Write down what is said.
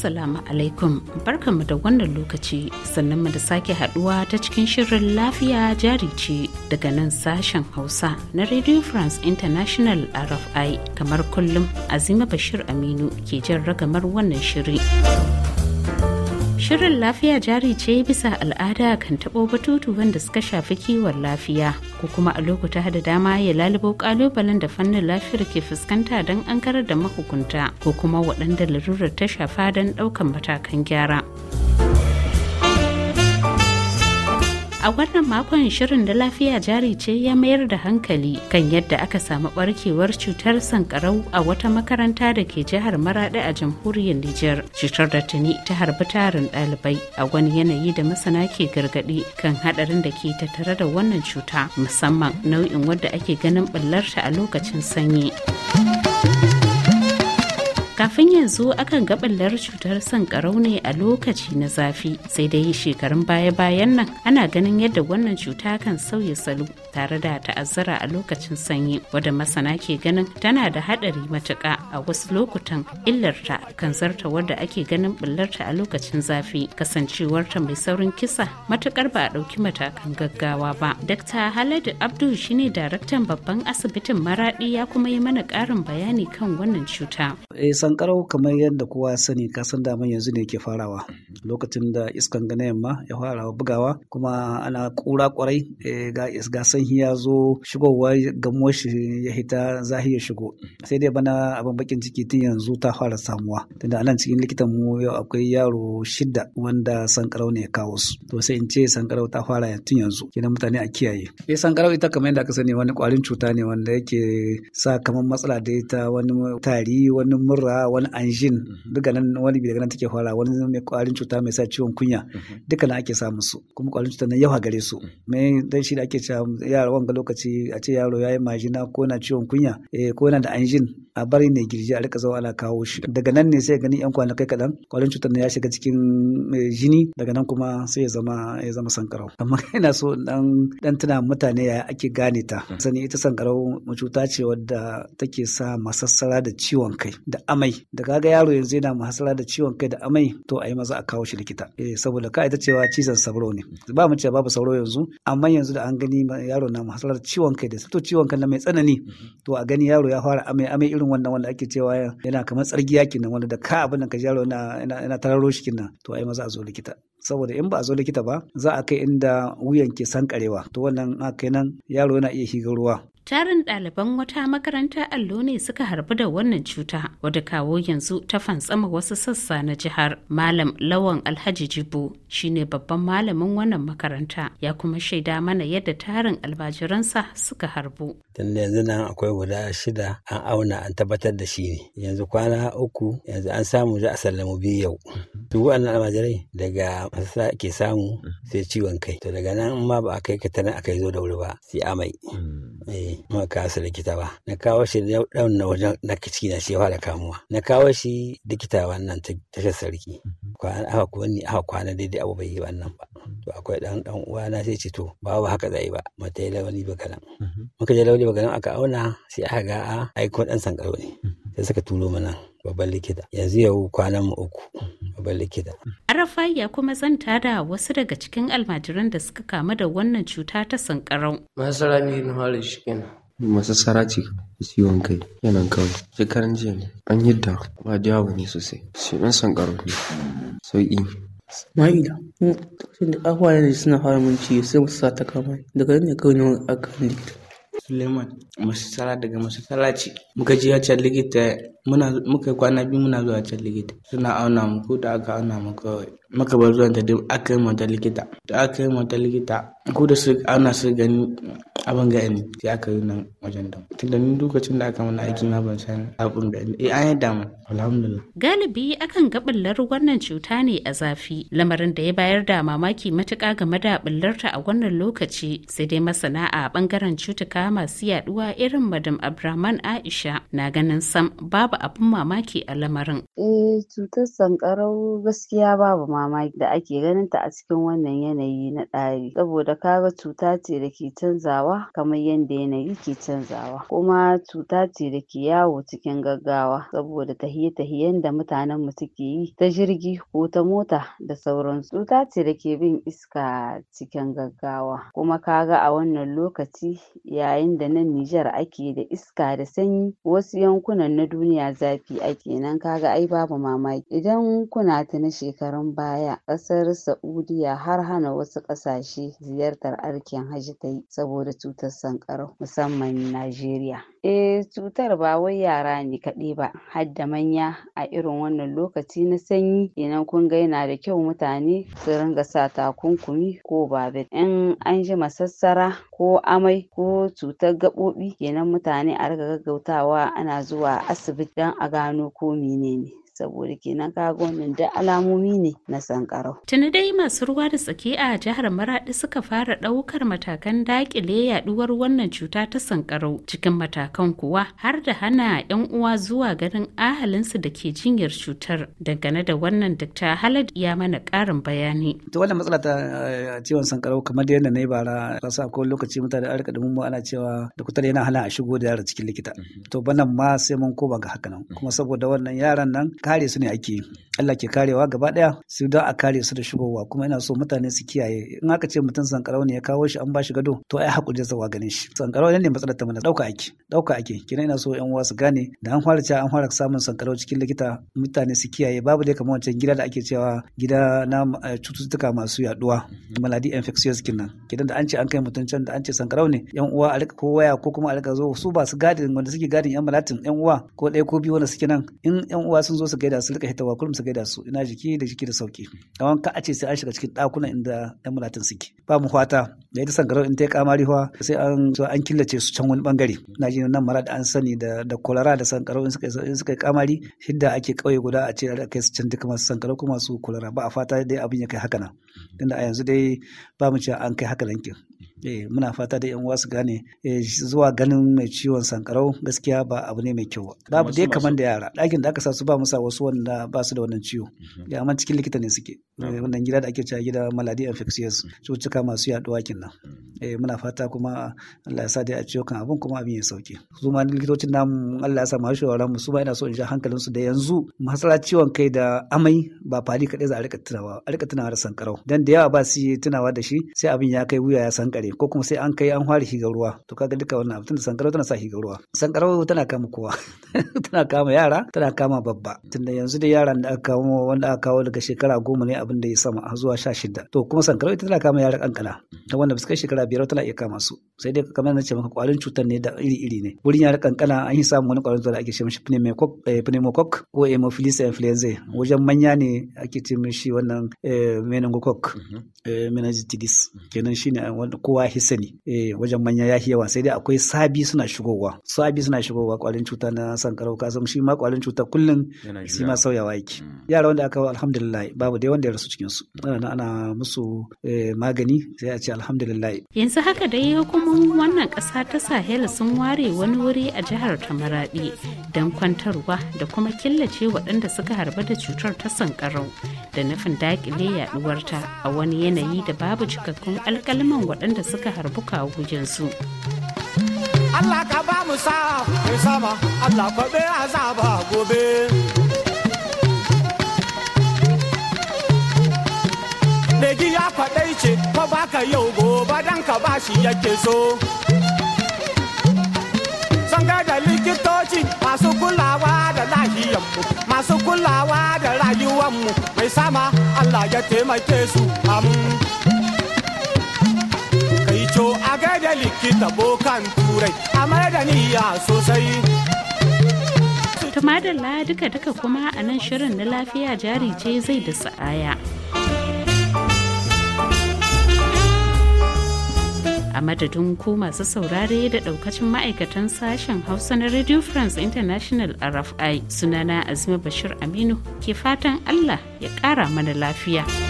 Assalamu alaikum barkanmu da wannan lokaci sannan mu da sake haduwa ta cikin shirin lafiya jari ce daga nan sashen Hausa na Radio France International RFI kamar kullum Azima Bashir Aminu ke jan ragamar wannan shirin. Shirin lafiya jari ce bisa al'ada kan taɓo batutu wanda suka shafi kiwon lafiya ko kuma a lokuta da dama ya lalibo kalubalen da fannin lafiyar ke fuskanta don an karar da mahukunta ko kuma waɗanda larurar ta shafa don ɗaukan matakan gyara. a wannan makon shirin da lafiya jari ce ya mayar da hankali kan yadda aka samu barkewar cutar sankarau a wata makaranta da ke jihar Maraɗi a jamhuriyar nijar cutar da tuni ta harbi tarin ɗalibai a wani yanayi da masana ke gargaɗi kan haɗarin da ke tattare da wannan cuta musamman nau'in wadda ake ganin ɓullarta a lokacin sanyi. kafin yanzu akan gaɓallar cutar sankarau ne a lokaci na zafi sai dai shekarun baya-bayan nan ana ganin yadda wannan cuta kan sauya salo tare da ta'azzara a lokacin sanyi wadda masana ke ganin tana da haɗari matuka a wasu lokutan illarta kan zarta wadda ake ganin ɓullarta a lokacin zafi kasancewarta mai saurin kisa matuƙar ba a ɗauki matakan gaggawa ba dakta haladu Abdul shine daraktan babban asibitin maraɗi ya kuma yi mana ƙarin bayani kan wannan cuta eh, sankarau kamar yadda kowa sani kasan daman yanzu ne yake farawa lokacin da iskan gane yamma ya fara bugawa kuma ana kura kwarai eh, ga sanyi ya zo shigowa gamo shi ya hita zahi shigo sai dai bana abin bakin ciki tun yanzu ta fara samuwa tunda anan cikin likitan mu yau akwai yaro shida wanda sankarau ne ya kawo su to sai in ce sankarau ta fara tun yanzu kenan mutane a kiyaye eh sankarau ita kamar yadda aka sani wani kwarin cuta ne wanda yake sa kamar matsala da ta wani tari wani murra fara wani anjin mhm. duka nan wani bi daga nan take fara wani mai kwarin cuta mai sa ciwon kunya mhm. duka nan ake samu su kuma kwarin cuta nan yawa gare su mhm. me dan shi da ake cewa yaro wanga lokaci a ce yaro yayi majina ko na ciwon kunya eh ko yana da anjin a bari ne girji a rika zuwa ana kawo shi daga nan ne sai gani yan kwanakai kadan kwarin cutar ya shiga cikin eh, jini daga nan kuma sai ya zama ya zama sankarau amma ina so dan dan tuna mutane ya ake gane ta sani ita sankarau cuta ce wadda take sa masassara da ciwon kai da amai da kaga yaro yanzu yana mahasala da ciwon kai da amai to a yi maza a kawo shi likita eh, saboda ka ita cewa cizon sauro ne ba mu cewa babu sauro yanzu amma yanzu da an gani yaro na mahasala da ciwon kai da to ciwon kai na mai tsanani to a gani yaro ya fara amai amai irin wannan wanda ake cewa yana kamar tsargiya kenan wanda da ka abin da ka yaro yana yana tararo shi kenan to a yi maza a zo likita saboda in ba a zo likita ba za a kai inda wuyan ke sankarewa to wannan a kai nan yaro yana iya higar ruwa tarin ɗaliban wata makaranta allo ne suka harbi da wannan cuta wadda kawo yanzu ta fantsama wasu sassa na jihar malam lawan alhaji jibo shine babban malamin wannan makaranta ya kuma shaida mana yadda tarin albajiransa suka harbu tunda yanzu nan akwai guda shida an auna an tabbatar da shi ne yanzu kwana uku yanzu an samu za a sallamu biyu yau su wannan almajirai daga masasa ke samu sai ciwon kai to daga nan ma ba a kai ka tana aka zo da wuri ba sai amai hmm. eh. ma ka asa likita ba na kawo shi ɗan na wajen na kici na shi fara kamuwa na kawo shi likita wannan tashar sarki aka mhm. kwani aka kwana daidai abu bai yi wannan ba to akwai ɗan ɗan uwa na sai ce to ba ba haka zai ba mata yi launi ba kalan mhm. muka je launi ba kalan aka auna sai aka ga a ah, aikon ɗan sankaro ne mhm. sai suka turo mana babban likita yanzu yau kwanan uku babban likita. Arafa ya kuma zanta da wasu daga cikin almajiran da suka kamu da wannan cuta ta sankarau. Masu ne na fara shi kenan. masu saraci ciwon kai yanan kawai shekaran jiya ne an yi da ba yawa ne sosai shi ɗan sankarau ne sauƙi ma'ida da ƙafawa ne suna fara mun ciwo sai masu sa ta kama daga nan ne kawai na aka likita Suleiman masasara daga masasara ce muka je a can likita muna muka kwana biyu muna zuwa can likita suna auna mu ko da aka auna mu kawai maka bar zuwan ta duk aka yi mata likita da aka yi mata likita ko da su ana su gani abin ga ni sai aka yi nan wajen da tunda ni lokacin da aka mana aiki ma ban san abin ga ni eh an yadda mu alhamdulillah galibi akan ga bullar wannan cuta ne a zafi lamarin da ya bayar da mamaki matuƙa game da bullarta a wannan lokaci sai dai masana a bangaren cutuka masu yaduwa irin madam abraman aisha na ganin sam babu abin mamaki a lamarin eh cutar sankarau gaskiya babu ma mamaki da ake ganin ta a cikin wannan yanayi na ɗari saboda kaga cuta ce da ke canzawa kamar yadda yanayi ke canzawa kuma cuta ce da ke yawo cikin gaggawa saboda tahiye-tahiyen da mutanen mu suke yi ta jirgi ko ta mota da sauran su cuta ce da ke bin iska cikin gaggawa kuma kaga a wannan lokaci yayin da nan Nijar ake da iska da sanyi wasu yankunan na duniya zafi ake nan kaga ai babu mamaki idan kuna ta na shekarun baya baya, ƙasar Saudiyya har hana wasu ƙasashe ziyartar arkin hajji ta yi saboda cutar sankara musamman Najeriya. Eh cutar ba wai yara ne kaɗai ba har da manya a irin wannan lokaci na sanyi idan kun ga yana da kyau mutane su ringa sa takunkumi ko babet in an ji masassara ko amai ko cutar gaɓoɓi kenan mutane a riƙa gaggautawa ana zuwa asibiti don a gano ko menene saboda kenan kaga wannan duk alamomi ne na sankarau. Tuni dai masu ruwa da tsaki a jihar maraɗi suka fara ɗaukar matakan dakile yaduwar wannan cuta ta sankarau cikin matakan kuwa har da hana 'yan uwa zuwa ganin ahalinsu da ke jinyar cutar dangane da wannan Dr. Halad ya mana ƙarin bayani. To wannan matsala ta eh, ciwon sankarau kamar da yadda na yi bara rasa ko lokaci mutane an rika dumin ana cewa da yana hala a shigo da yara cikin likita. Mhm. To bana ma sai mun koma ga haka nan mhm. kuma saboda wannan yaran nan kare su ne ake yi Allah ke karewa gaba daya su don a kare su da shigowa kuma ina so mutane su kiyaye in aka ce mutum sankarau ne ya kawo shi an ba shi gado to ai hakuri zawa ganin shi sankarau ne matsalar ta mana dauka ake dauka ake kina ina so yan uwa su gane da an fara cewa an fara samun sankarau cikin likita mutane su kiyaye babu dai kamar wancan gida da ake cewa gida na eh, cututtuka masu yaduwa maladi infectious kenan kidan da an ce an kai mutum can da an ce sankarau ne yan uwa a rika ko waya ko kuma a rika zo su ba su gadin wanda suke gadin yan malatin yan uwa ko ɗaya ko biyu wanda suke nan in yan uwa sun zo su gaida su rika hita kullum su gaida su ina jiki da jiki da sauki kawan ka a ce sai an shiga cikin ɗakunan inda yan mulatin suke ba mu fata da ita sangarau in ta yi kamari fa sai an so an killace su can wani bangare na ji nan mara da an sani da da kolara da sangarau in suka in suka kamari hidda ake kauye guda a ce a kai su can duka masu sangarau kuma su kolara ba a fata dai abin ya kai haka nan tunda a yanzu dai ba mu cewa an kai haka nan eh muna fata da yan uwa su gane eh, zuwa ganin mai ciwon sankarau gaskiya ba abu ne mai kyau ba babu dai kamar da yara ɗakin da aka sa su ba musa wasu wanda ba su da wannan ciwo mhm. ya amma cikin likita ne suke eh, wannan gida da ake cewa gida maladi infectious mm. cutuka masu yaduwa kenan mm. eh muna fata kuma Allah ya sa dai a ciwo kan abun kuma abin ya sauke su ma likitocin namu Allah ya sa mu hashe mu su ba ina so in ja hankalin su da yanzu masara ciwon kai da amai ba fali kaɗai za a rika tunawa a rika tunawa da sankarau dan da yawa ba su yi tunawa da shi sai abin ya kai wuya ya sankare ko kuma sai an kai an fara higar ruwa to kaga duka wannan abin da sankarau tana sa higar ruwa sankarau tana kama kowa tana kama yara tana kama babba tunda yanzu da yaran da aka kawo wanda aka kawo daga shekara goma ne abin da ya sama har zuwa sha shida to kuma sankarau ita tana kama yara kankana wanda ba su kai shekara biyar tana iya kama su sai dai kamar na ce maka kwarin cutar ne da iri iri ne wurin yara kankana an yi samun wani kwarin cutar da ake shi mishi pneumococc eh, ko haemophilus influenza wajen manya ne ake ce shi wannan meningococc eh, meningitis mhm. eh, mhm. kenan shi ne kowa hisa ne eh, wajen manya ya yawa sai dai akwai sabi suna shigowa sabi suna shigowa kwalin cuta na sankarau kasam shi ma kwalin cuta kullum shi ma sauyawa yake mm. yara wanda aka alhamdulillah babu dai wanda ya rasu cikin su mm. ana musu magani sai a ce alhamdulillah yanzu haka dai hukumomin wannan kasa ta Sahel sun ware wani wuri a jihar Tamaradi don kwantarwa da kuma killace waɗanda suka harba da cutar ta sankarau karau da nufin dakile yaduwarta a wani yanayi da babu cikakkun alkalman waɗanda suka harbu kawujensu. Allah ka ba mu sa mai sama Allah kwabe azaba gobe. Legi ya kwaɗai ce, ko baka yau gobe dan ka ba shi yake so. Sanga da likitoci masu kula masu kulawa da rayuwar mu mai sama Allah ya taimake su kai co a gaida likita bokan turai a da niyya sosai ta madalla duka-duka kuma a nan shirin na lafiya jari ce zai da sa'aya a madadin ko masu saurare da daukacin ma'aikatan sashen hausa na radio france international rfi sunana azima bashir aminu ke fatan allah ya kara mana lafiya.